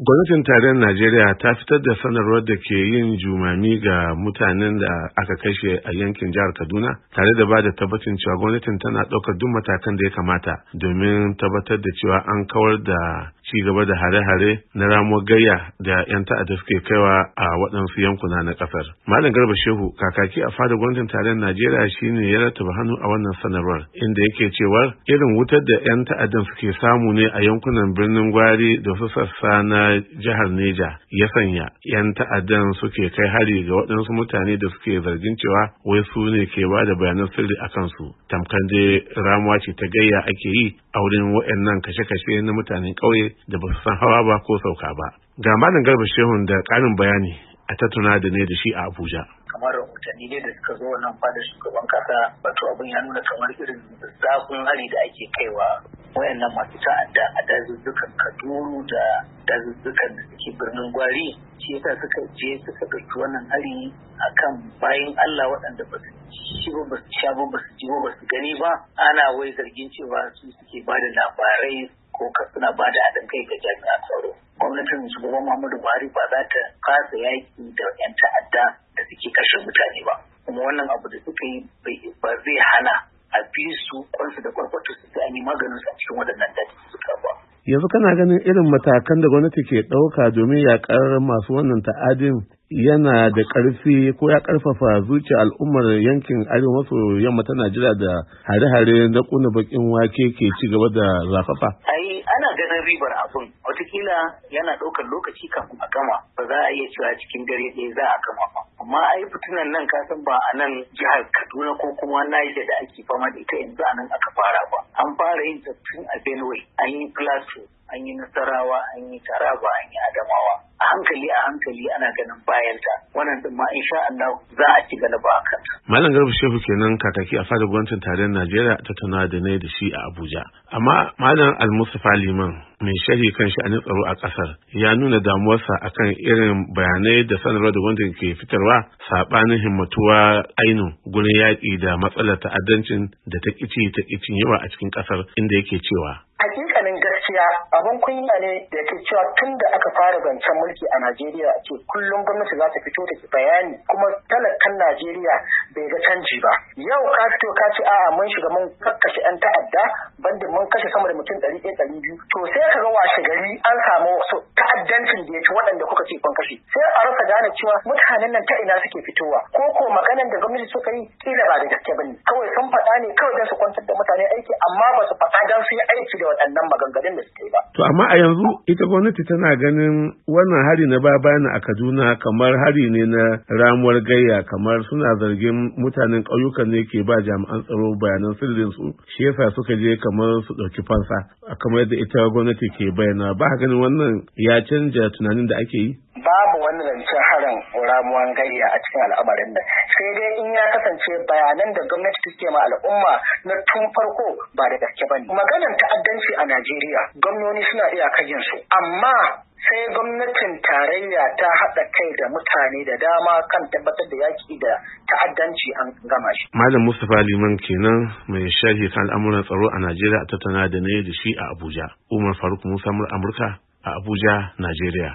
gwamnatin tarayyar najeriya ta fitar da sanarwar da ke yin jumami ga mutanen da aka kashe a yankin jihar kaduna tare da ba da tabbacin cewa gwamnatin tana ɗaukar duk matakan da ya kamata domin tabbatar da cewa an kawar da ci gaba da hare-hare na ramuwar gayya da 'yan ta'adda suke kaiwa a waɗansu yankuna na ƙasar. Malam Garba Shehu kakaki a fadar gwamnatin tarayyar Najeriya shine ya rattaba hannu a wannan sanarwar inda yake cewa irin wutar da 'yan ta'addan suke samu ne a yankunan birnin Gwari da wasu sassa na jihar Neja ya sanya 'yan ta'addan suke kai hari ga waɗansu mutane da suke zargin cewa wai su ne ke ba da bayanan sirri a kansu tamkar dai ramuwa ce ta gayya ake yi a wurin waɗannan kashe-kashe na mutanen ƙauye da ba su san hawa ba ko sauka ba ga malam garba shehun da ƙarin bayani a tattuna da ne da shi a abuja kamar rahotanni ne da suka zo wannan fadar shugaban kasa wato abin ya nuna kamar irin zafin hari da ake kaiwa wayannan masu ta'adda a dazuzzukan kaduru da dazuzzukan da suke birnin gwari shi yasa suka je suka ɗauki wannan hari akan bayan Allah waɗanda ba su ci ba su sha ba su ba su gani ba ana wai zargin cewa su suke ba da labarai ko suna ba da haɗin kai ga jami'an tsaro gwamnatin shugaban muhammadu buhari ba za ta kasa yaƙi da 'yan ta'adda da suke kashe mutane ba kuma wannan abu da suka yi ba zai hana a bi su kwansu da kwarkwato su sai an yi maganin su a cikin waɗannan dadi yanzu kana ganin irin matakan da gwamnati ke ɗauka domin yaƙar masu wannan ta'adin yana da ƙarfi ko ya ƙarfafa zuciya al'ummar yankin arewa maso yamma ta najeriya da hare-hare na ƙuna bakin wake ke ci gaba da zafafa ai ana ganin ribar abun watakila yana ɗaukar lokaci kafin a gama ba za a iya cewa cikin dare ɗaya za a gama ba amma ai fitinan nan kasan ba a nan jihar Kaduna ko kuma Niger da ake fama da ita yanzu a nan aka fara ba an fara yin tattun a Benue an yi Plateau an yi nasarawa an yi taraba an yi adamawa a hankali a hankali ana ganin bayanta wannan din ma insha Allah za a ci gaba a kanta. Malam Garba Shehu kenan kataki a fadar gwamnatin tarayyar Najeriya ta tana da ne da shi a Abuja. Amma Malam Al-Mustafa Liman mai shari kan shi sha'anin tsaro a kasar ya nuna damuwarsa akan irin bayanai da sanarwar da gwamnatin ke fitarwa sabanin himmatuwa ainu gurin yaƙi da matsalar ta'addancin da ta ƙici ta ƙicin yawa a cikin kasar inda yake cewa. Hakikanin gaskiya abin kunya ne da ke cewa tun da aka fara zancen mulki a Najeriya ce kullum gwamnati za ta fito da bayani kuma talakan Najeriya bai ga canji ba. Yau ka fito ka ce a'a mun shiga mun kakkashe 'yan ta'adda banda mun kashe sama da mutum ɗari ɗaya ɗari biyu. To sai ka ga washe gari an samu wasu ta'addancin da ya ci waɗanda kuka ce kun kashe. Sai a rasa gane cewa mutanen nan ta ina suke fitowa ko ko maganan da gwamnati suka yi kila ba da gaske ba ne. Kawai sun faɗa ne kawai don su kwantar da mutane aiki amma ba su faɗa don su yi aiki da waɗannan maganganun To amma a yanzu ita gwamnati tana ganin wannan hari na babana a Kaduna kamar hari ne na ramuwar gayya kamar suna zargin mutanen ƙauyukan ne ke ba jami'an tsaro bayanan sirrin su shi suka je kamar su ɗauki fansa. A kamar yadda ita gwamnati ke bayyana ba ganin wannan ya canja tunanin da ake yi babu wani rancen harin ramuwan gayya a cikin al'amarin nan sai dai in ya kasance bayanan da gwamnati take ma al'umma na tun farko ba da gaske ba ne. maganar ta'addanci a Najeriya gwamnoni suna iya su amma sai gwamnatin tarayya ta haɗa kai da mutane da dama kan tabbatar da yaƙi da ta'addanci an gama shi. Malam Mustapha Liman kenan mai sharhi kan al'amuran tsaro a Najeriya a tattauna da na da shi a Abuja. Umar Faruk Musa Amurka a Abuja, Najeriya.